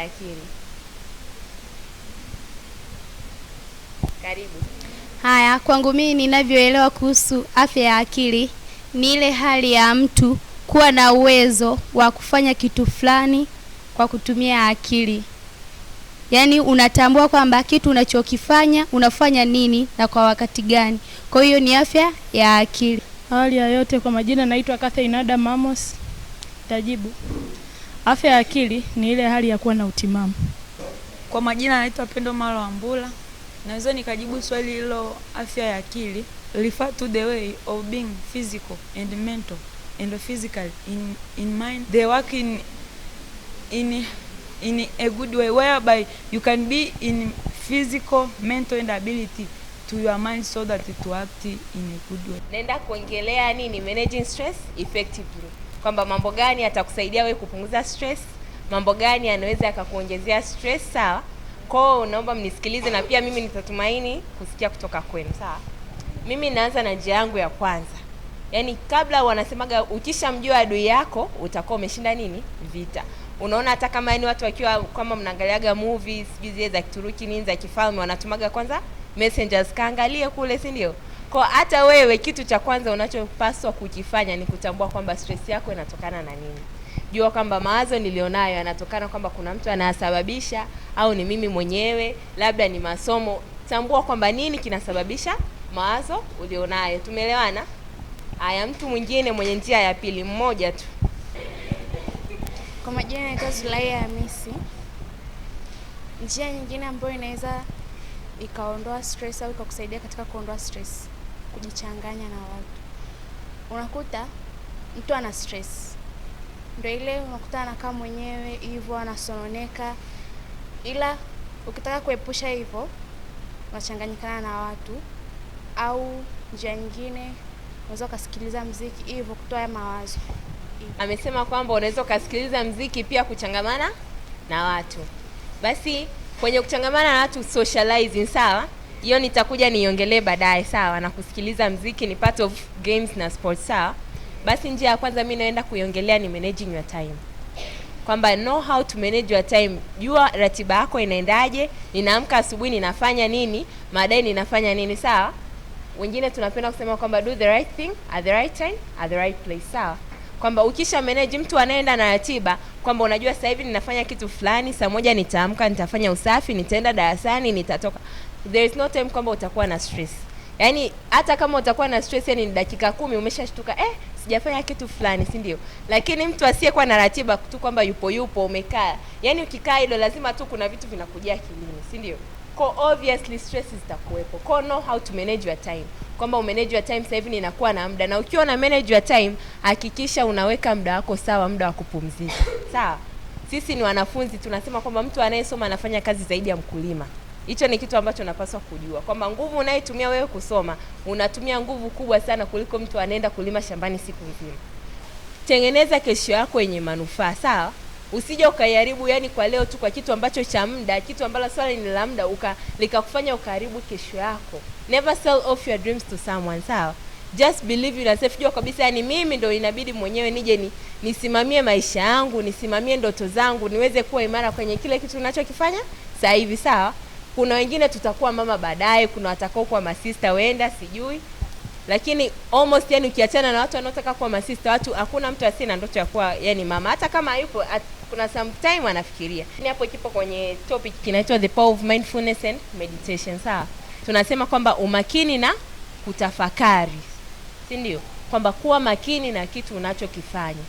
ya akili. Karibu. Haya, kwangu mimi ninavyoelewa kuhusu afya ya akili ni ile hali ya mtu kuwa na uwezo wa kufanya kitu fulani kwa kutumia akili. Yaani unatambua kwamba kitu unachokifanya unafanya nini na kwa wakati gani. Kwa hiyo ni afya ya akili. Hali ya yote, kwa majina naitwa Catherine Adam Mamos. Tajibu. Afya ya akili ni ile hali ya kuwa na utimamu. Kwa majina anaitwa Pendo Malo Ambula. Naweza nikajibu swali hilo, afya ya akili refer to the way of being physical and mental and physical in, in mind they work in, in, in a good way whereby you can be in physical mental and ability to your mind so that it act in a good way. Nenda kuongelea nini managing stress effectively kwamba mambo gani atakusaidia wewe kupunguza stress, mambo gani anaweza akakuongezea stress. Sawa, kwao naomba mnisikilize, na pia mimi nitatumaini kusikia kutoka kwenu. Sawa, mimi naanza na njia yangu ya kwanza. Yaani, kabla wanasemaga ukishamjua adui yako utakuwa umeshinda nini vita. Unaona, hata kama yani watu wakiwa kama mnaangaliaga movies sijui zile za Kituruki nini za kifalme, wanatumaga kwanza messengers, kaangalie kule, si ndio? Kwa hata wewe kitu cha kwanza unachopaswa kujifanya ni kutambua kwamba stress yako inatokana na nini. Jua kwamba mawazo nilionayo yanatokana kwamba kuna mtu anayasababisha au ni mimi mwenyewe, labda ni masomo. Tambua kwamba nini kinasababisha mawazo ulionayo. Tumeelewana? Haya, mtu mwingine mwenye njia ya pili, mmoja tu. Kwa majina naitwa Zulaiha Hamisi. Njia nyingine ambayo inaweza ikaondoa stress au ikakusaidia katika kuondoa stress kujichanganya na watu. Unakuta mtu ana stress, ndio ile unakuta anakaa mwenyewe hivyo anasononeka, ila ukitaka kuepusha hivyo unachanganyikana na watu, au njia nyingine unaweza ukasikiliza mziki hivyo kutoa mawazo. Amesema kwamba unaweza ukasikiliza mziki pia kuchangamana na watu. Basi kwenye kuchangamana na watu socializing, sawa hiyo nitakuja niongelee baadaye, sawa, na kusikiliza mziki ni part of games na sports, sawa. Basi njia ya kwanza mimi naenda kuiongelea ni managing your time, kwamba know how to manage your time. Jua ratiba yako inaendaje, ninaamka asubuhi ninafanya nini, baadaye ninafanya nini, sawa. Wengine tunapenda kusema kwamba do the right thing at the right time at the right place, sawa kwamba ukisha manage mtu anaenda na ratiba, kwamba unajua sasa hivi ninafanya kitu fulani, saa moja nitaamka, nitafanya usafi, nitaenda darasani, nitatoka there is no time kwamba utakuwa na stress. Yaani hata kama utakuwa na stress, yani ni dakika kumi umeshashtuka, eh, sijafanya kitu fulani, si ndio? Lakini mtu asiyekuwa na ratiba tu kwamba yupo yupo umekaa, yaani ukikaa hilo lazima tu kuna vitu vinakujia akilini, si ndio? Ko obviously stress zitakuwepo. Ko know how to manage your time, kwamba umanage your time. Sasa hivi ninakuwa na muda, na ukiwa na manage your time, hakikisha unaweka muda wako sawa, muda wa kupumzika sawa. Sisi ni wanafunzi tunasema kwamba mtu anayesoma anafanya kazi zaidi ya mkulima. Hicho ni kitu ambacho unapaswa kujua kwamba nguvu unayotumia wewe kusoma unatumia nguvu kubwa sana kuliko mtu anaenda kulima shambani siku nzima. Tengeneza kesho yako yenye manufaa, sawa? Usije ukaiharibu yani kwa leo tu kwa kitu ambacho cha muda, kitu ambalo swala ni la muda uka likakufanya ukaharibu kesho yako. Never sell off your dreams to someone, sawa? Just believe in yourself. Jua kabisa yani mimi ndo inabidi mwenyewe nije ni, nisimamie maisha yangu, nisimamie ndoto zangu, niweze kuwa imara kwenye kile kitu ninachokifanya sasa hivi, sawa? Kuna wengine tutakuwa mama baadaye, kuna watakao kuwa masista wenda sijui, lakini almost yani ukiachana na watu wanaotaka kuwa masista, watu hakuna mtu asiye na ndoto ya kuwa yani mama, hata kama yupo at, kuna sometime anafikiria. Ni hapo kipo kwenye topic kinaitwa the power of mindfulness and meditation, sawa? Tunasema kwamba umakini na kutafakari, si ndio? Kwamba kuwa makini na kitu unachokifanya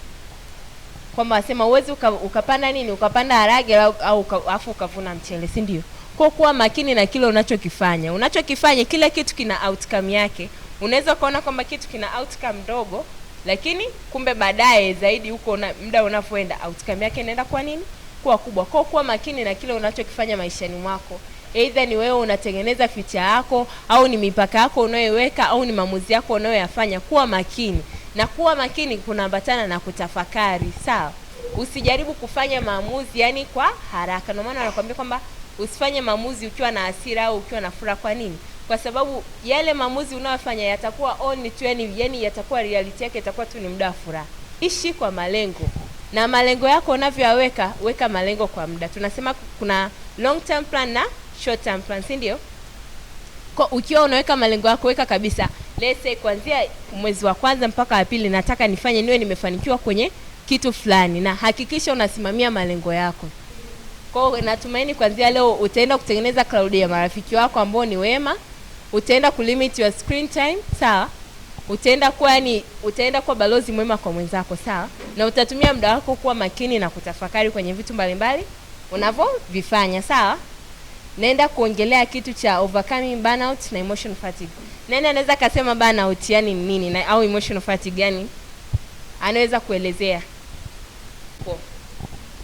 kwamba wasema uwezi uka, ukapanda nini ukapanda harage au afu ukavuna mchele, si ndio? usipokuwa makini na kile unachokifanya, unachokifanya kila kitu kina outcome yake. Unaweza ukaona kwamba kitu kina outcome ndogo, lakini kumbe baadaye zaidi huko una, muda unavyoenda outcome yake inaenda kwa nini kuwa kubwa. Kwa kuwa makini na kile unachokifanya maishani mwako, aidha ni wewe unatengeneza ficha yako au ni mipaka yako unayoiweka au ni maamuzi yako unayoyafanya. Kuwa makini na kuwa makini kunaambatana na kutafakari, sawa? Usijaribu kufanya maamuzi yani kwa haraka. Ndio maana wanakuambia kwamba usifanye maamuzi ukiwa na hasira au ukiwa na furaha. Kwa nini? Kwa sababu yale maamuzi unayofanya yatakuwa on any, yani yatakuwa reality yake itakuwa tu ni muda wa furaha. Ishi kwa malengo na malengo yako unavyoyaweka, weka malengo kwa muda. Tunasema kuna long term plan na short term plan, si ndio? Kwa ukiwa unaweka malengo yako, weka kabisa, let's say kuanzia mwezi wa kwanza mpaka wa pili nataka nifanye niwe nimefanikiwa kwenye kitu fulani, na hakikisha unasimamia malengo yako. Kwa hiyo natumaini kuanzia leo utaenda kutengeneza cloud ya marafiki wako ambao ni wema, utaenda kulimit your screen time, sawa? Utaenda kuwa yani, utaenda kuwa balozi mwema kwa mwenzako, sawa? Na utatumia muda wako kuwa makini na kutafakari kwenye vitu mbalimbali unavyovifanya, sawa? Naenda kuongelea kitu cha overcoming burnout na emotional fatigue. Nani anaweza kasema burnout yani ni nini na au emotional fatigue yani? Anaweza kuelezea. Kwa.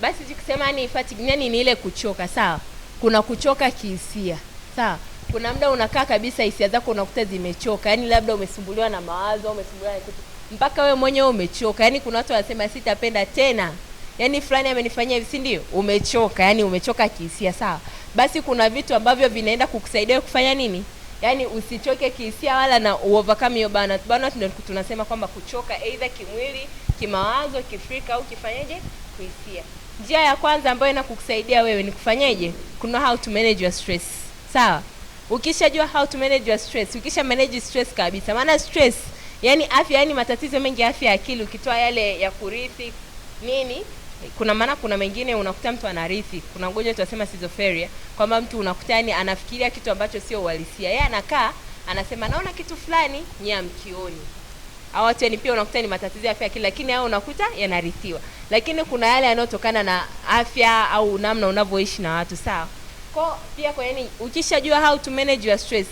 Basi sema ni fatigue yani ni ile kuchoka, sawa. Kuna kuchoka kihisia, sawa. Kuna muda unakaa kabisa hisia zako unakuta zimechoka, yani labda umesumbuliwa na mawazo, umesumbuliwa na kitu mpaka wewe mwenyewe umechoka. Yani kuna watu wanasema sitapenda tena, yani fulani amenifanyia hivi, si ndio? Umechoka, yani umechoka kihisia, sawa. Basi kuna vitu ambavyo vinaenda kukusaidia kufanya nini Yaani usichoke kihisia wala na uovercome hiyo bana bana tunasema kwamba kuchoka either kimwili, kimawazo, kifrika au kifanyaje Kuhisia. Njia ya kwanza ambayo ina kukusaidia wewe ni kufanyaje Kuna how to manage your stress. Sawa? Ukishajua how to manage your stress, ukisha manage stress kabisa. Maana stress, yani afya, yani matatizo mengi afya ya akili ukitoa yale ya kurithi nini? Kuna maana kuna mengine unakuta mtu anarithi, kuna ngoja tunasema schizophrenia kwamba mtu unakuta yani anafikiria kitu ambacho sio uhalisia. Yeye anakaa anasema naona kitu fulani, nyamkioni hawachani pia unakuta ni matatizo ya afya akili, lakini hao unakuta yanarithiwa. Lakini kuna yale yanayotokana na afya au namna unavyoishi na watu, sawa. Kwa pia kwa yani, ukishajua how to manage your stress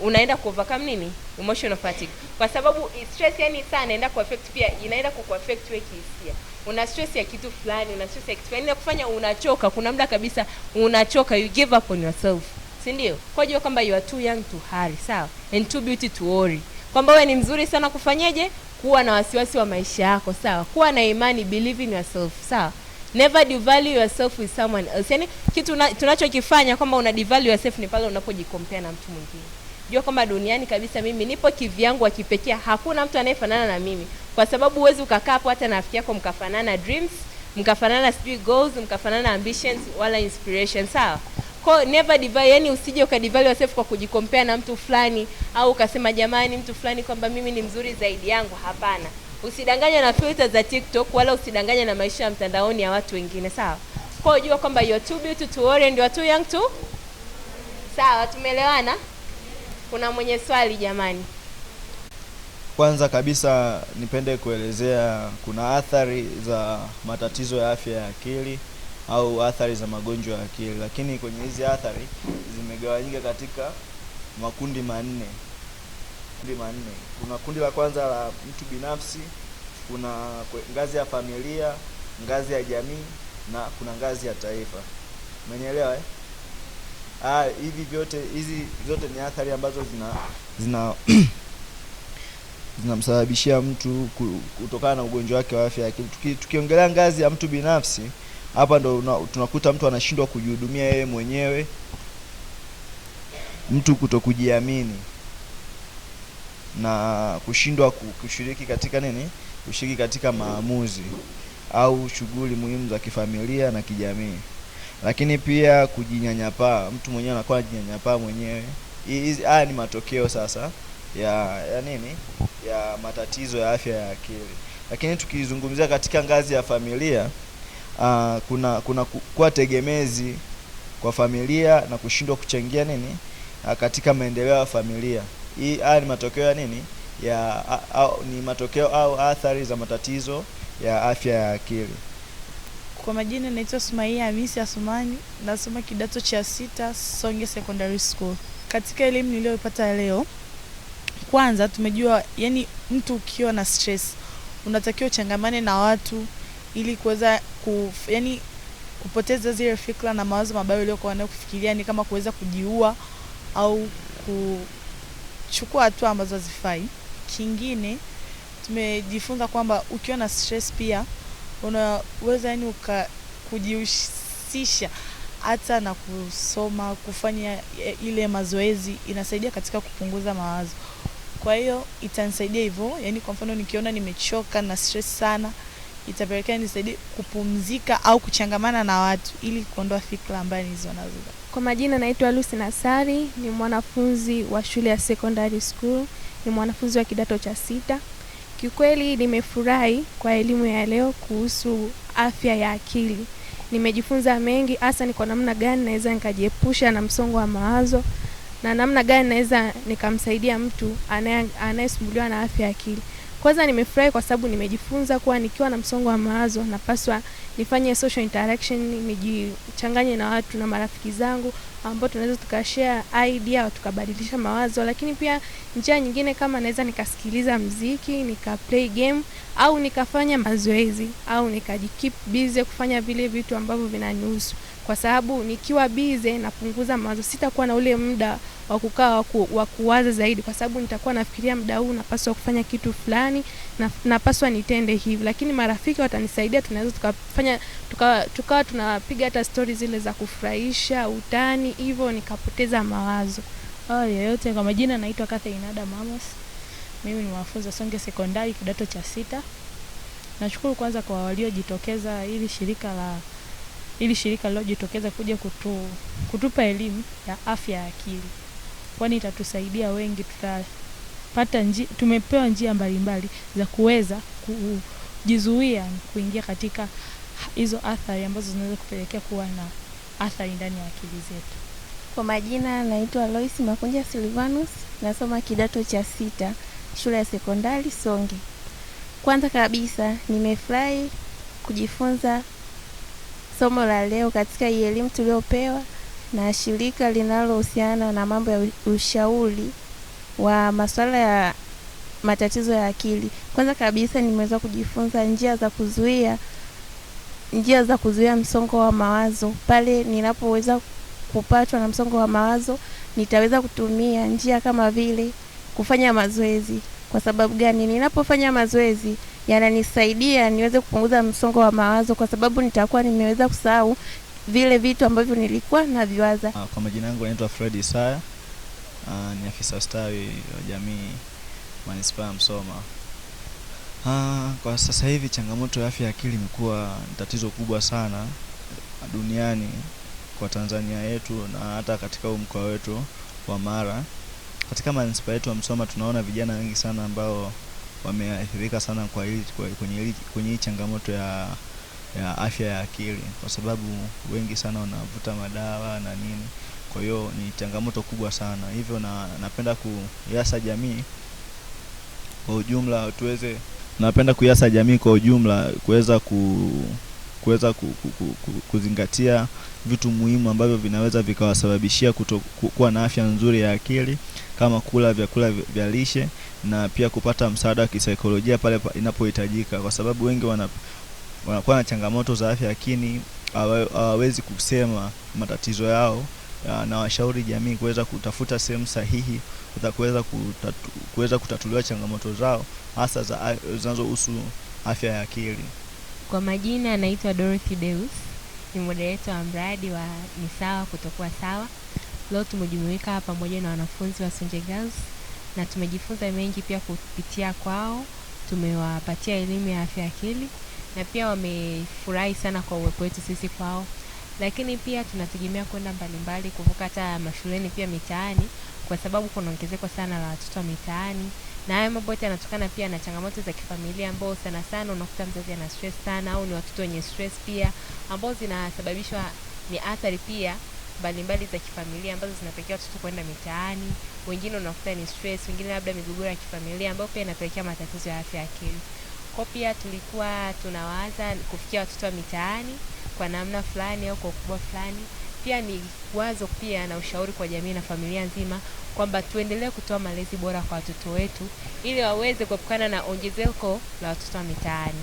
unaenda ku overcome nini emotional fatigue, kwa sababu stress yani sana inaenda ku affect pia, inaenda ku affect wewe kihisia. Una stress ya kitu fulani, una stress ya kitu fulani, inakufanya unachoka. Kuna muda kabisa unachoka, you give up on yourself, si ndio? Kwa hiyo kwamba you are too young to hurry, sawa, and too beauty to worry kwamba wewe ni mzuri sana kufanyeje, kuwa na wasiwasi wa maisha yako, sawa. Kuwa na imani, believe in yourself, sawa. Never devalue yourself with someone else. Yani kitu tunachokifanya kwamba una devalue yourself ni pale unapojikompea na mtu mwingine. Jua kwamba duniani kabisa mimi nipo kivyangu wa hakuna mtu anayefanana na mimi, kwa sababu huwezi ukakaa hapo hata na rafiki yako mkafanana dreams, mkafanana sijui goals, mkafanana ambitions wala inspiration, sawa. Kwa never divide, yani usije ukadevalue yourself kwa kujikompea na mtu fulani au ukasema jamani, mtu fulani kwamba mimi ni mzuri zaidi yangu. Hapana, usidanganywe na filter za TikTok wala usidanganywe na maisha ya mtandaoni ya watu wengine, sawa? Kwa hiyo jua kwamba you are too beautiful to worry and you are too young to. Sawa, tumeelewana? Kuna mwenye swali jamani? Kwanza kabisa nipende kuelezea kuna athari za matatizo ya afya ya akili au athari za magonjwa ya akili, lakini kwenye hizi athari zimegawanyika katika makundi manne kundi manne. Kuna kundi la kwanza la mtu binafsi, kuna ngazi ya familia, ngazi ya jamii na kuna ngazi ya taifa. Umenielewa eh? Ah, hivi vyote hizi zote ni athari ambazo zina zina zinamsababishia mtu kutokana na ugonjwa wake wa afya ya akili. Tukiongelea ngazi ya mtu binafsi hapa ndo tunakuta mtu anashindwa kujihudumia yeye mwenyewe, mtu kutokujiamini na kushindwa kushiriki katika nini, kushiriki katika maamuzi au shughuli muhimu za kifamilia na kijamii. Lakini pia kujinyanyapaa, mtu mwenyewe anakuwa anajinyanyapaa mwenyewe. Haya ni matokeo sasa ya ya nini, ya matatizo ya afya ya akili. Lakini tukizungumzia katika ngazi ya familia uh, kuna kuna kuwa tegemezi kwa familia na kushindwa kuchangia nini uh, katika maendeleo ya familia. Hii haya ni matokeo ya nini ya au, ni matokeo au athari za matatizo ya afya ya akili. Kwa majina naitwa Sumaia Hamisi Asumani, nasoma kidato cha sita Songe Secondary School. Katika elimu niliyopata leo, kwanza tumejua yani, mtu ukiwa na stress unatakiwa uchangamane na watu ili kuweza ku, yani kupoteza zile fikra na mawazo mabaya uliokuwa nayo kufikiria, ni kama kuweza kujiua au kuchukua hatua ambazo hazifai. Kingine tumejifunza kwamba ukiwa na stress pia unaweza yani uka kujihusisha hata na kusoma, kufanya ile mazoezi inasaidia katika kupunguza mawazo. Kwa hiyo itanisaidia hivyo, yani kwa mfano nikiona nimechoka na stress sana itapelekea nisaidie kupumzika au kuchangamana na watu ili kuondoa fikra ambayo nilizo nazo. Kwa majina naitwa Lucy Nasari, ni mwanafunzi wa shule ya secondary school, ni mwanafunzi wa kidato cha sita. Kiukweli nimefurahi kwa elimu ya leo kuhusu afya ya akili. Nimejifunza mengi, hasa ni kwa namna gani naweza nikajiepusha na msongo wa mawazo na namna gani naweza nikamsaidia mtu anayesumbuliwa na afya ya akili. Kwanza nimefurahi kwa sababu nimejifunza kuwa nikiwa na msongo wa mawazo napaswa nifanye social interaction, nijichanganye na watu na marafiki zangu ambao tunaweza tukashare idea au tukabadilisha mawazo, lakini pia njia nyingine kama naweza nikasikiliza mziki, nika play game au nikafanya mazoezi au nikajikeep busy kufanya vile vitu ambavyo vinanihusu, kwa sababu nikiwa busy napunguza mawazo, sitakuwa na ule muda wa kukaa wa kuwaza zaidi, kwa sababu nitakuwa nafikiria muda huu napaswa kufanya kitu fulani na, napaswa nitende hivi, lakini marafiki watanisaidia, tunaweza tukafanya tukawa tuka, tunapiga hata stori zile za kufurahisha utani hivyo, nikapoteza mawazo awali yoyote. Kwa majina naitwa Catherine Ada Mamos, mimi ni mwanafunzi wa Songe Sekondari kidato cha sita. Nashukuru kwanza kwa waliojitokeza ili shirika la ili shirika lilojitokeza kuja kutu, kutupa elimu ya afya ya akili, kwani itatusaidia wengi tuta tumepata njia, tumepewa njia mbalimbali za kuweza kujizuia kuingia katika hizo athari ambazo zinaweza kupelekea kuwa na athari ndani ya akili zetu. Kwa majina naitwa Lois Makunja Silvanus, nasoma kidato cha sita shule ya sekondari Songe. Kwanza kabisa nimefurahi kujifunza somo la leo katika elimu tuliopewa na shirika linalohusiana na mambo ya ushauri wa masuala ya matatizo ya akili. Kwanza kabisa nimeweza kujifunza njia za kuzuia njia za kuzuia msongo wa mawazo. Pale ninapoweza kupatwa na msongo wa mawazo, nitaweza kutumia njia kama vile kufanya mazoezi. Kwa sababu gani? Ninapofanya mazoezi yananisaidia niweze kupunguza msongo wa mawazo, kwa sababu nitakuwa nimeweza kusahau vile vitu ambavyo nilikuwa naviwaza. Ah, kwa majina yangu naitwa Fred Isaya. Uh, ni afisa ustawi wa jamii manispaa ya Msoma. Uh, kwa sasa hivi changamoto ya afya ya akili imekuwa tatizo kubwa sana duniani kwa Tanzania yetu na hata katika huu mkoa wetu wa Mara. Katika manispaa yetu ya Msoma tunaona vijana wengi sana ambao wameathirika sana kwa hili kwenye hii changamoto ya ya afya ya akili, kwa sababu wengi sana wanavuta madawa na nini kwa hiyo ni changamoto kubwa sana, hivyo na napenda kuyasa jamii kwa ujumla tuweze, napenda kuyasa jamii kwa ujumla kuweza ku kuweza kuzingatia vitu muhimu ambavyo vinaweza vikawasababishia kuwa na afya nzuri ya akili kama kula vyakula vya lishe na pia kupata msaada wa kisaikolojia pale inapohitajika, kwa sababu wengi wana, wanakuwa na changamoto za afya lakini hawawezi kusema matatizo yao. Ah, na washauri jamii kuweza kutafuta sehemu sahihi za kuweza kutatu, kuweza kutatuliwa changamoto zao hasa za zinazohusu afya ya akili. Kwa majina anaitwa Dorothy Deus, ni moderator wa mradi wa ni sawa kutokuwa sawa. Leo tumejumuika pamoja na wanafunzi wa Sonje Girls na tumejifunza mengi pia kupitia kwao. Tumewapatia elimu ya afya akili na pia wamefurahi sana kwa uwepo wetu sisi kwao lakini pia tunategemea kwenda mbalimbali kuvuka hata mashuleni pia mitaani kwa sababu kuna ongezeko sana la watoto wa mitaani na haya mambo yote yanatokana pia na changamoto za kifamilia ambao sana sana unakuta mzazi ana stress sana au ni watoto wenye stress pia ambao zinasababishwa ni athari pia mbalimbali za kifamilia ambazo zinapelekea watoto kwenda mitaani wengine unakuta ni stress wengine labda migogoro ya kifamilia ambayo pia inapelekea matatizo ya afya ya akili kwa pia tulikuwa tunawaza kufikia watoto wa mitaani kwa namna fulani au kwa ukubwa fulani. Pia ni wazo pia na ushauri kwa jamii na familia nzima kwamba tuendelee kutoa malezi bora kwa watoto wetu ili waweze kuepukana na ongezeko la watoto wa mitaani.